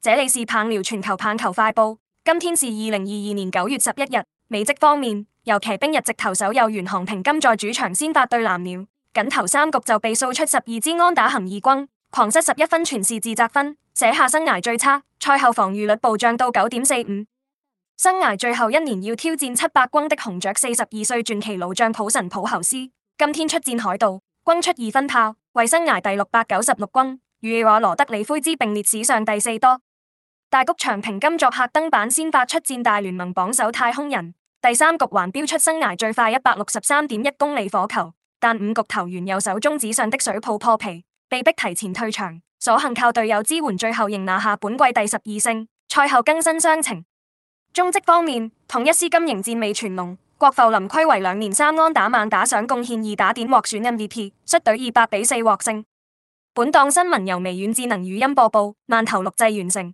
這裡是棒聊全球棒球快報，今天是二零二二年九月十一日。美職方面，遊騎兵日籍投手有原航平今在主場先發對藍鳥，僅投三局就被掃出十二支安打行二轟，狂失十一分全是自責分，寫下生涯最差。賽後防禦率暴漲到九點四五，生涯最後一年要挑戰七百轟的紅雀四十二歲傳奇老將普神普侯斯，今天出戰海盜，轟出二分炮，為生涯第六百九十六轟，與華羅德里奎茲並列史上第四多。大谷翔平今作客登板先發出戰大聯盟榜首太空人，第三局還飆出生涯最快一百六十三點一公里火球，但五局投完右手中指上的水泡破皮，被迫提前退場，所幸靠隊友支援，最後仍拿下本季第十二勝。賽後更新傷情，中職方面統一獅金仍戰味全龍，郭阜林虧為兩年三安打猛打賞貢獻二打點獲選 MVP 率隊二百比四獲勝。本檔新聞由微軟智能語音播報，慢頭錄製完成。